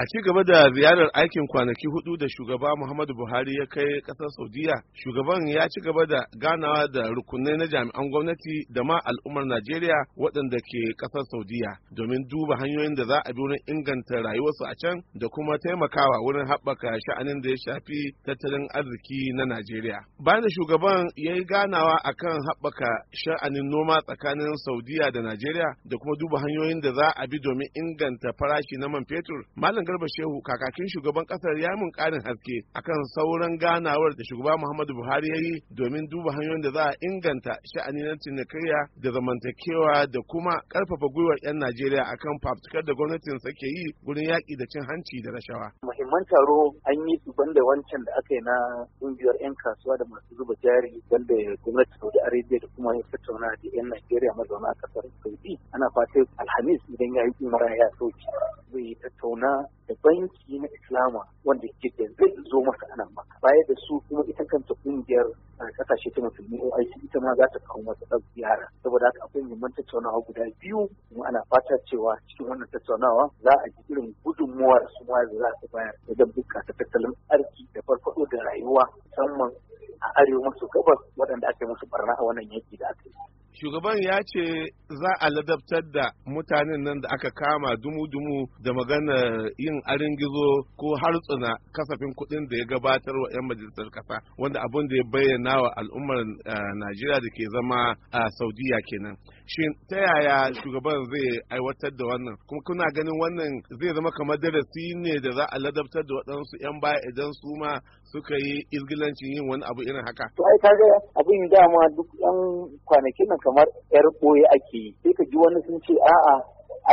A ci gaba da ziyarar aikin kwanaki hudu da shugaba Muhammadu Buhari ya kai kasar Saudiya, shugaban ya ci gaba da ganawa da rukunai na jami'an gwamnati da ma al'ummar Najeriya waɗanda ke kasar Saudiya domin duba hanyoyin da za a bi wurin inganta rayuwarsu a can da kuma taimakawa wurin haɓaka sha'anin da ya shafi tattalin arziki na Najeriya. Bayan da shugaban ya yi ganawa kan haɓaka sha'anin noma tsakanin Saudiya da Najeriya da kuma duba hanyoyin da za a bi domin inganta farashi na man fetur, Malam garba shehu kakakin shugaban kasar ya mun karin haske akan sauran ganawar da shugaba muhammadu buhari ya yi domin duba hanyoyin da za a inganta sha'anin na cinikayya da zamantakewa da kuma karfafa gwiwar 'yan najeriya akan fafutukar da gwamnatin sake yi gurin yaƙi da cin hanci da rashawa muhimman taro an yi su banda wancan da aka yi na ƙungiyar 'yan kasuwa da masu zuba jari wanda gwamnati saudi arabia da kuma ya tattauna da 'yan najeriya mazauna a kasar saudi ana fatan alhamis idan ya yi umara ya soke zai tattauna banki na islama wanda ke da zai zo masa ana maka baya da su kuma ita kanta kungiyar kasashe ta musulmi OIC ita ma za ta kawo masa ɗan ziyara saboda haka akwai muhimman tattaunawa guda biyu kuma ana fata cewa cikin wannan tattaunawa za a ji irin gudunmuwar su ma da za su bayar duka, ta tattalin arziki da farfaɗo da rayuwa musamman a arewa maso gabas waɗanda aka yi musu barna a wannan yanki da aka yi. shugaban ya ce za a ladabtar da mutanen nan da aka kama dumu-dumu da magana yin arin gizo ko hartsuna kasafin kuɗin da ya gabatar wa 'yan majalisar ƙasa wanda abin da ya bayyana wa al'ummar eh, najeriya da ke zama a saudiya kenan shin ta yaya shugaban zai aiwatar da wannan kuma kuna ganin wannan zai zama kamar darasi ne da za a ladabtar da waɗansu 'yan baya idan su ma suka yi izgilancin yin wani abu irin haka. To ai kaga abin dama duk 'yan kwanakin nan kamar 'yar ɓoye ake yi sai ka ji wani sun ce a'a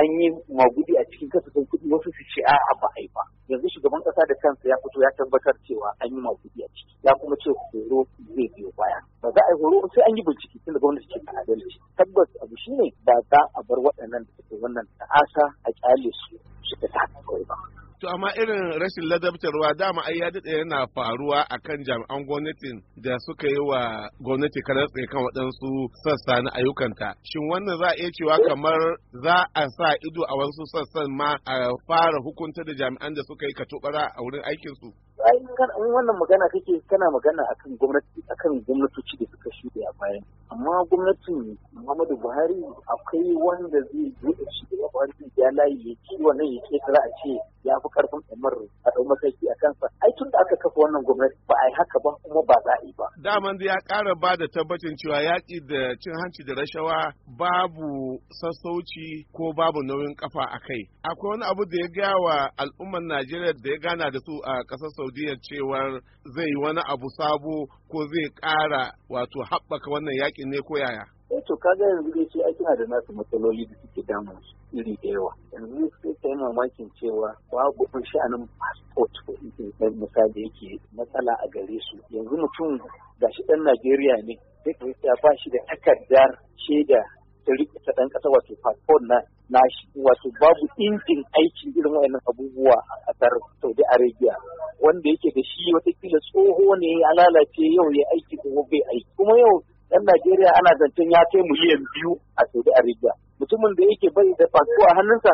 an yi magudi a cikin kasafin kuɗi wasu su ce a'a ba a yi ba yanzu shugaban ƙasa da kansa ya fito ya tabbatar cewa an yi magudi a ciki ya kuma ce horo zai biyo baya za a yi horo sai an yi bincike da gwamnati ke adalci tabbas abu shine ba za a bar waɗannan da suke wannan ta'asa a kyale su suka ta kawai ba To amma irin rashin ladabtarwa dama ai ya daɗe yana faruwa a kan jami'an gwamnatin da suka yi wa gwamnati tsaye kan waɗansu sassa na ayyukanta. Shin wannan za a iya cewa kamar za a sa ido a wasu sassan ma a fara hukunta da jami'an da suka yi katobara a wurin aikinsu? ai in wannan magana kake kana magana akan gwamnati akan gwamnatoci da suka shuɗe a baya amma gwamnatin Muhammadu Buhari akwai wanda zai buɗe shi da wani ya layi ya ci wannan ya za a ce ya fi karfin ɗamar a ɗau mataki a kansa ai tun da aka kafa wannan gwamnati ba a yi haka ba kuma ba za yi daman ya ƙara ba da tabbacin cewa yaƙi da cin hanci da rashawa babu sassauci ko babu nauyin kafa a kai akwai wani abu da ya gaya wa al'ummar najeriya da ya gana da su a ƙasar saudiya cewar zai yi wani abu sabo ko zai ƙara wato haɓaka wannan yaƙin ne ko yaya eh to kaga yanzu dai ce ake da nasu matsaloli da suke damun iri da yawa yanzu sai ta yi mamakin cewa babu kun sha'anin passport misali yake matsala a gare su yanzu mutum gashi ɗan Najeriya ne sai ya ba shi da takardar shaida ta riƙe ta ɗan ƙasa wato passport na nashi wato babu injin aikin irin wa'annan abubuwa a ƙasar Saudi Arabia wanda yake da shi watakila tsoho ne ya lalace yau ya aiki kuma bai aiki kuma yau dan Najeriya ana zancen ya kai miliyan biyu a Saudi Arabia mutumin da yake bai da fasfo a hannunsa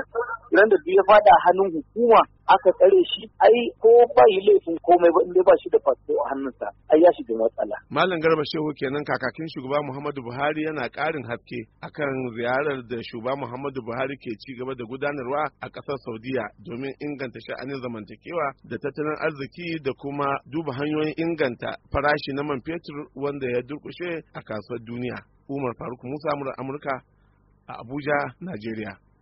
idan da ya fada hannun hukuma aka tsare shi ai ko ba shi laifin komai ba inda ba shi da fasfo a hannunsa ai ya shiga matsala. Malam Garba Shehu kenan kakakin shugaba Muhammadu Buhari yana ƙarin haske akan ziyarar da shugaba Muhammadu Buhari ke ci gaba da gudanarwa a ƙasar Saudiya domin inganta sha'anin zamantakewa da tattalin arziki da kuma duba hanyoyin inganta farashi na man fetur wanda ya durƙushe a kasuwar duniya. Umar Faruk Musa Amurka a Abuja, Najeriya.